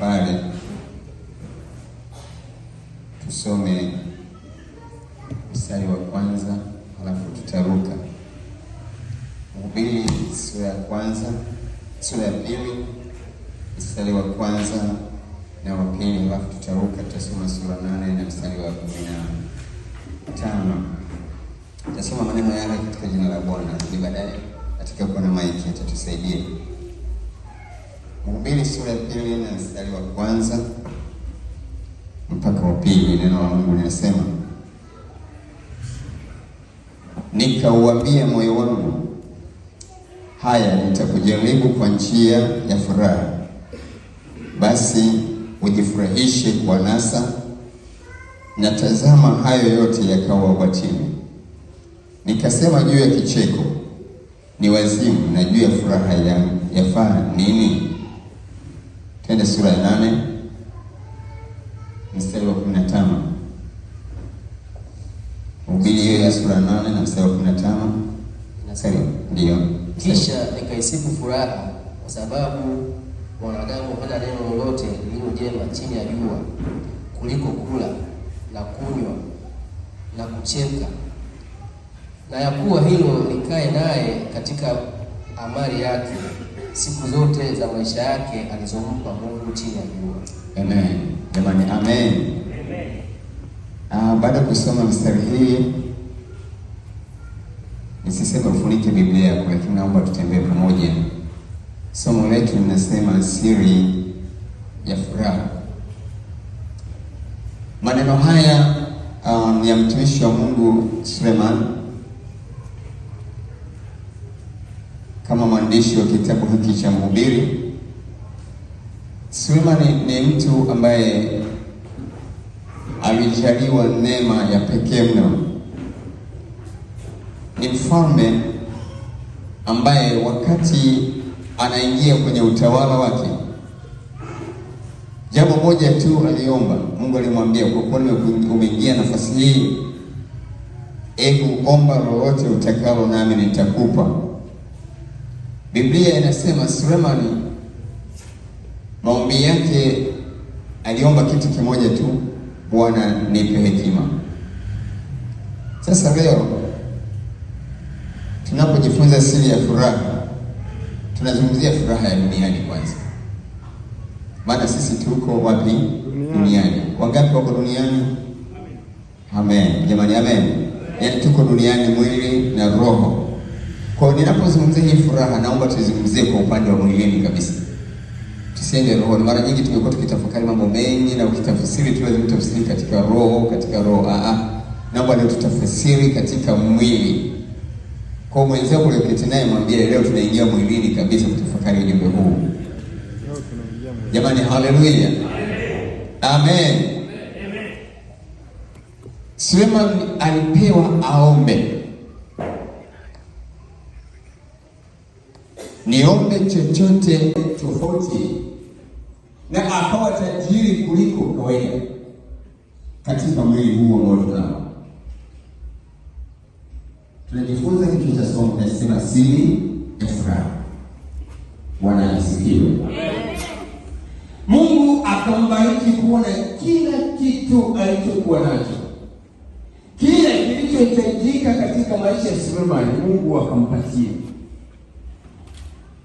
pale tusome mstari wa kwanza alafu tutaruka Mhubiri sura ya kwanza sura ya pili mstari wa kwanza na wa pili halafu tutaruka tutasoma sura nane na mstari wa kumi na tano tutasoma maneno yale katika jina la Bwana ni baadaye, atakayokuwa na maiki atatusaidia. Mhubiri sura ya pili na mstari wa kwanza mpaka wa pili, neno la Mungu linasema, nikauambia moyo wangu, haya nitakujaribu kwa njia ya furaha, basi ujifurahishe kwa nasa. Na tazama, hayo yote yakawa ubatili. Nikasema, juu ya kicheko ni wazimu, na juu ya furaha ya yafaa nini? Tende sura ya nane mstari wa kumi na tano Mhubiri hiyo ya sura ya nane na mstari wa kumi na tano Ndio. Kisha nikaisifu furaha kwa sababu wanadamu hana neno lolote lililo jema chini ya jua kuliko kula na kunywa na kucheka, na ya kuwa hilo likae naye katika amali yake siku zote za maisha yake alizompa Mungu chini ya jua. Amen. Jamani, amen. Amen. Ah, baada ya kusoma mstari hii nisiseme ufunike Biblia yako, lakini naomba tutembee pamoja. Somo letu linasema siri ya furaha. Maneno haya ah, ni um, ya mtumishi wa Mungu Suleman mwandishi wa kitabu hiki cha Mhubiri. Suleiman ni mtu ambaye alijaliwa neema ya pekee mno. Ni mfalme ambaye wakati anaingia kwenye utawala wake, jambo moja tu aliomba Mungu. Alimwambia, kwa kuwa umeingia nafasi hii, hebu omba lolote utakalo, nami nitakupa. Biblia inasema Sulemani maombi yake aliomba kitu kimoja tu, Bwana nipe hekima. Sasa leo tunapojifunza siri ya furaha, tunazungumzia furaha ya duniani kwanza, maana sisi tuko wapi? Duniani. Wangapi wako duniani? Amen jamani, amen. Yaani tuko duniani mwili na roho kwa hiyo ninapozungumzia hii furaha, naomba tuizungumzie kwa upande wa mwilini kabisa, tusiende roho. Mara nyingi tumekuwa tukitafakari mambo mengi, na ukitafsiri tu lazima katika roho, katika roho Ah ah, naomba leo tutafsiri katika mwili. Kwa mwenzio kule naye mwambie, leo tunaingia mwilini kabisa kutafakari ujumbe huu. Jamani, haleluya, amen. Sulemani alipewa aombe niombe chochote tofauti na akawa tajiri kuliko kawaida katika mwili huo ambao tunao. Tunajifunza kitu cha somo kinasema siri ya furaha. Bwana asifiwe. Mungu akambariki kuona kila kitu alichokuwa nacho, kile kilichohitajika katika maisha ya Sulemani, Mungu akampatia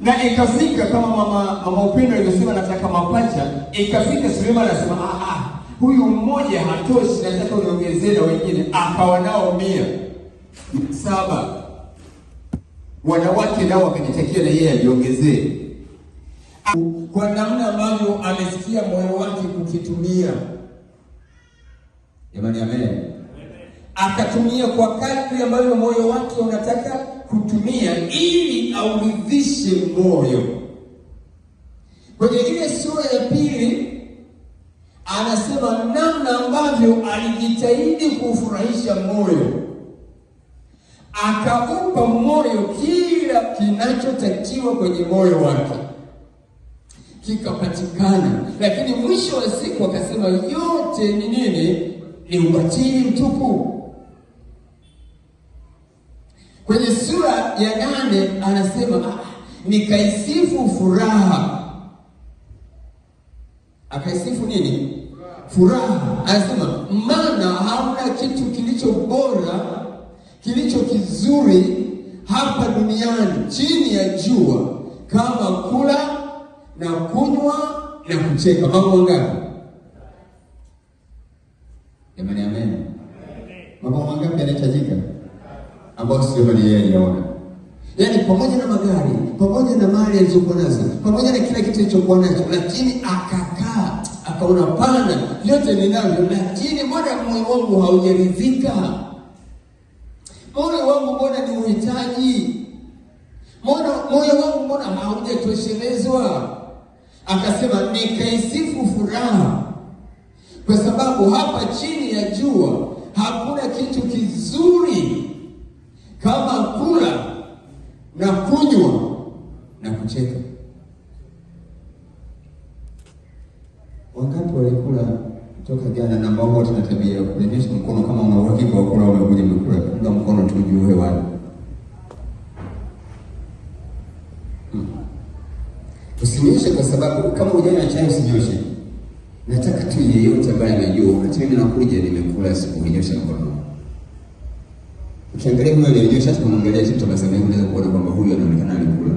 na ikafika kama mama mama Upendo alivyosema, nataka mapacha. Ikafika sulema anasema ah ah, huyu mmoja hatoshi, nataka uniongezee na wengine. Akawa nao mia saba. Wanawake nao wakajitakia na yeye aliongezee kwa namna ambavyo amesikia moyo wake kukitumia. Jamani, amen. Akatumia kwa kadri ambavyo moyo wake unataka kutumia ili auridhishe moyo. Kwenye ile sura ya pili anasema namna ambavyo alijitahidi kufurahisha moyo, akaupa moyo kila kinachotakiwa kwenye moyo wake kikapatikana, lakini mwisho wa siku akasema yote ni nini? Ni ubatili mtupu. Kwenye sura ya nane anasema ah, nikaisifu furaha. Akaisifu nini? Furaha. Anasema maana hauna kitu kilicho bora kilicho kizuri hapa duniani chini ya jua kama kula na kunywa na kucheka. Mambo ngapi? Jamani, amen. ambao Sulemani yeye aliona. Yaani pamoja na magari, pamoja na mali alizokuwa nazo, pamoja na kila kitu alichokuwa nacho, lakini akakaa akaona, pana yote ninavyo, lakini mbona moyo wangu haujaridhika? Moyo wangu mbona ni uhitaji? Moyo wangu mbona haujatoshelezwa? Akasema, nikaisifu furaha kwa sababu hapa chini ya jua hakuna kitu kizuri kama kula na kunywa na kucheka. Wangapi walikula toka jana? Na ambao tuna tabia ya kunyanyesha mkono kama una uhakika wa kula, umekuja umekula, piga mkono tu juu hewani. Hmm. Usinyoshe kwa sababu kama hujanywa chai usinyoshe. Nataka tu yeyote ambaye anajua wakati mimi nakuja nimekula, sikunyosha mkono. Ukiangalia huyo aliyenyosha shashi kumwangalia chini tunasema hivi unaweza kuona kwamba huyu anaonekana alikula.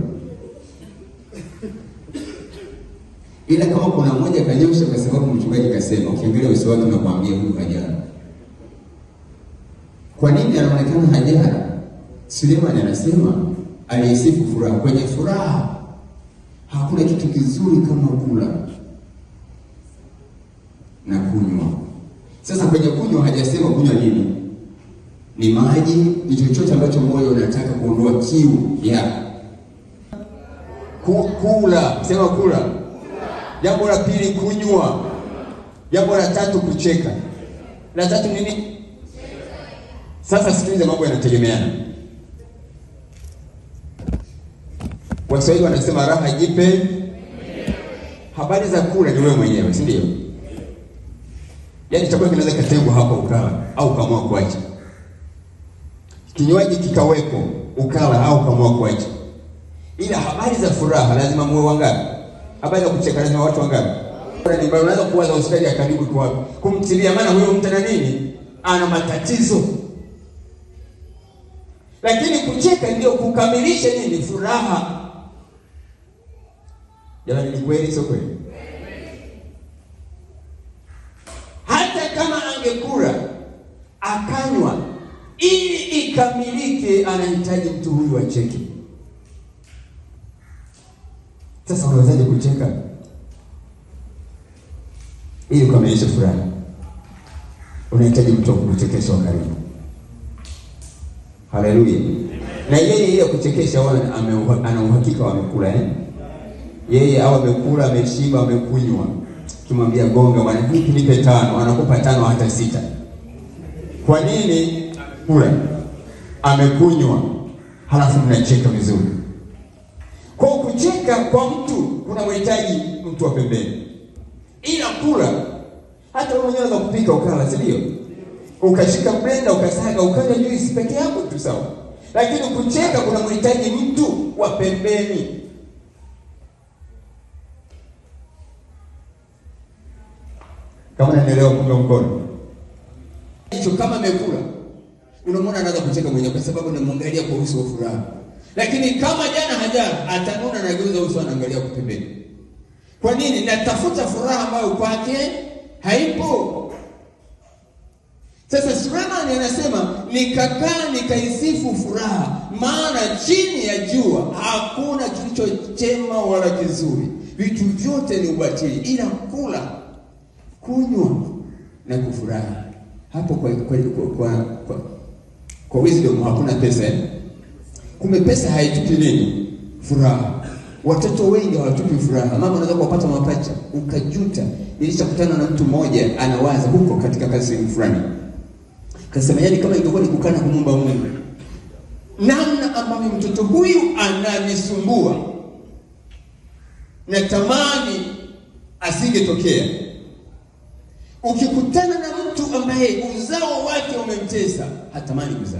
Ila kama kuna mmoja kanyosha kwa sababu mchungaji kasema, ukiangalia uso wake unakwambia huyu hajala. Kwa nini anaonekana hajala? Sulemani anasema aliyesifu furaha kwenye furaha hakuna kitu kizuri kama kula na kunywa. Sasa kwenye kunywa hajasema kunywa nini? ni maji, ni chochote ambacho moyo unataka kuondoa kiu yako. Kula, sema kula. Jambo la pili kunywa. Jambo la tatu kucheka. La tatu nini? Sasa sikiliza, mambo yanategemeana. Waswahili wanasema raha jipe. Habari za kula ni wewe mwenyewe, si ndio? Yaani chakula kinaweza kikatengwa hapa ukawa au ukaamua kuacha kinywaji kikaweko, ukala au ukamua kuacha. Ila habari za furaha lazima muwe wangapi? Habari za kucheka lazima watu wangapi? Unaweza kuwaza hospitali ya karibu kwa wapi, kumtilia maana huyo mtu na nini, ana matatizo. Lakini kucheka ndio kukamilisha nini, furaha. Jamani, ni kweli sio kweli? ikamilike, anahitaji mtu huyu acheke. Sasa unawezaje kucheka ili ukamilishe furaha? Unahitaji mtu wa wa karibu. Haleluya! Na yeye ile kuchekesha, ana uhakika wamekula eh? Yeye au amekula, ameshiba, amekunywa. kimwambia gonga bwana, nipe tano, anakupa tano hata sita. Kwa nini? Kula amekunywa, halafu mnacheka vizuri. Kwa kucheka kwa mtu kuna mhitaji mtu wa pembeni, ila kula, hata wewe mwenyewe unaweza kupika ukala, si ndio? Ukashika blender ukasaga ukanywa juisi peke yako tu, sawa. Lakini kucheka kuna mhitaji mtu wa pembeni. Kama naendelea kuunga mkono hicho, kama amekula unamwona anaanza kucheka mwenyewe kwa sababu namwangalia kwa uso wa furaha. Lakini kama jana haja atanuna na geuza uso anaangalia kwa pembeni. Kwa nini? Natafuta furaha ambayo kwake haipo. Sasa Sulemani anasema nikakaa nikaisifu furaha, maana chini ya jua hakuna kilicho chema wala kizuri, vitu vyote ni ubatili, ila kula, kunywa na kufurahi. Hapo kwa, kwa, kwa, kwa, kwa kwa wisdom hakuna pesa eh? Kumbe pesa haitupi nini? Furaha. Watoto wengi hawatupi furaha. Mama unaweza kuwapata mapacha ukajuta. Nilishakutana na mtu mmoja anawaza huko katika kazi sehemu fulani, kasema yani, kama ingekuwa ni kukana na Mungu, namna ambavyo mtoto huyu ananisumbua, natamani asingetokea Ukikutana na mtu ambaye uzao wake umemtesa, hatamani kuzaa.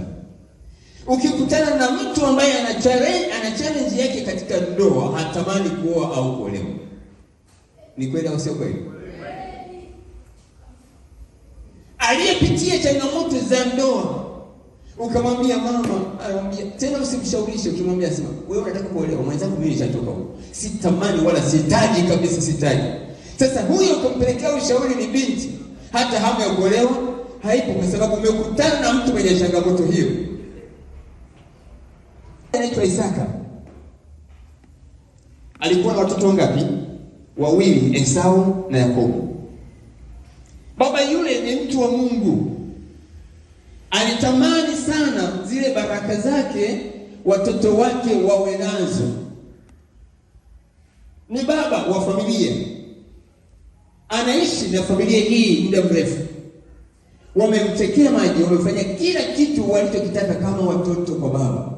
Ukikutana na mtu ambaye ana challenge yake katika ndoa, hatamani kuoa au kuolewa. Ni kweli au sio kweli? Aliyepitia changamoto za ndoa ukamwambia mama, anamwambia tena, usimshaurishe Ukimwambia sema, wewe unataka kuolewa, mwenzangu, mimi nishatoka huko, sitamani wala sitaji kabisa, sitaji sasa huyo kumpelekea ushauri ni binti, hata hamu ya kuolewa haipo, kwa sababu umekutana na mtu mwenye changamoto hiyo. Anaitwa Isaka, alikuwa na watoto wangapi Wawili, Esau na Yakobo. Baba yule ni mtu wa Mungu, alitamani sana zile baraka zake watoto wake wawe nazo. Ni baba wa familia anaishi na familia hii muda mrefu, wamemtekea maji, wamefanya kila kitu walichokitaka kama watoto kwa baba,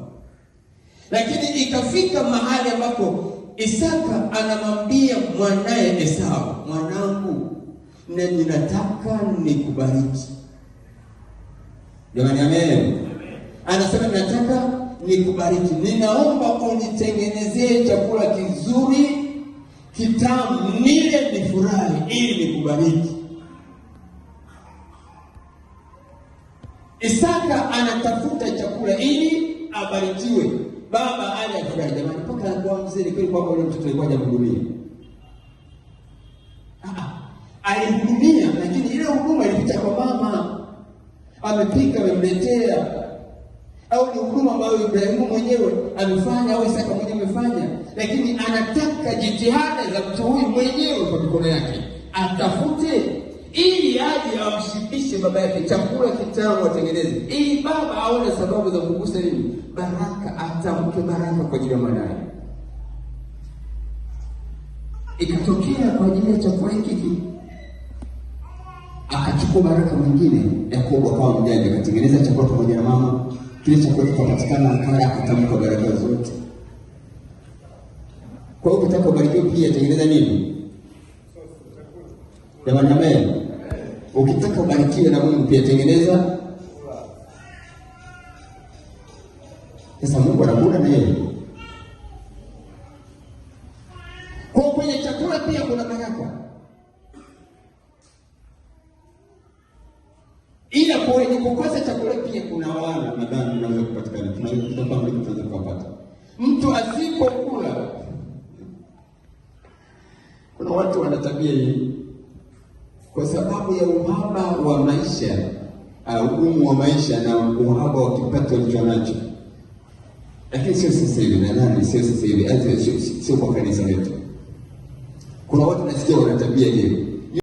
lakini ikafika mahali ambapo Isaka anamwambia mwanaye Esau, mwanangu, na ninataka nikubariki. Jamani, amen. Anasema ninataka nikubariki, ninaomba unitengenezee chakula kizuri kitabu nile nifurahi ili nikubariki. Isaka anatafuta chakula ili abarikiwe, baba ali afurahi. Jamani, mpaka anakuwa mzee, ni kweli kwamba ule mtoto alikuwa hajamhudumia, ah, ah. alihudumia, lakini ile huduma ilipita kwa mama, amepika, amemletea au ni huduma ambayo Ibrahimu mwenyewe amefanya au Isaka mwenyewe amefanya, lakini anataka jitihada za mtu huyu mwenyewe kwa mikono yake atafute, ili aje amshibishe baba yake, chakula kitamu atengeneze, ili baba aone sababu za kugusa nini, baraka, atamke baraka kwa ajili ya mwanaye. Ikatokea kwa ajili ya chakula hiki akachukua baraka mwingine, Yakobo akawa mjane, akatengeneza chakula pamoja na mama kile chakula kitapatikana kaya kutamka baraka zote. Kwa hiyo ukitaka ubarikiwe pia tengeneza nini? Jamani, namee, ukitaka ubarikiwe na Mungu pia tengeneza vinaweza kupatikana, tunaweza tunaweza kuwapata mtu asipokula. Kuna watu wana tabia hii, kwa sababu ya uhaba wa maisha, ah, ugumu wa maisha na uhaba wa kipato walicho nacho, lakini sio sasa hivi na nani, sio sasa hivi, sio kwa kanisa letu. Kuna watu nasikia wana tabia hiyo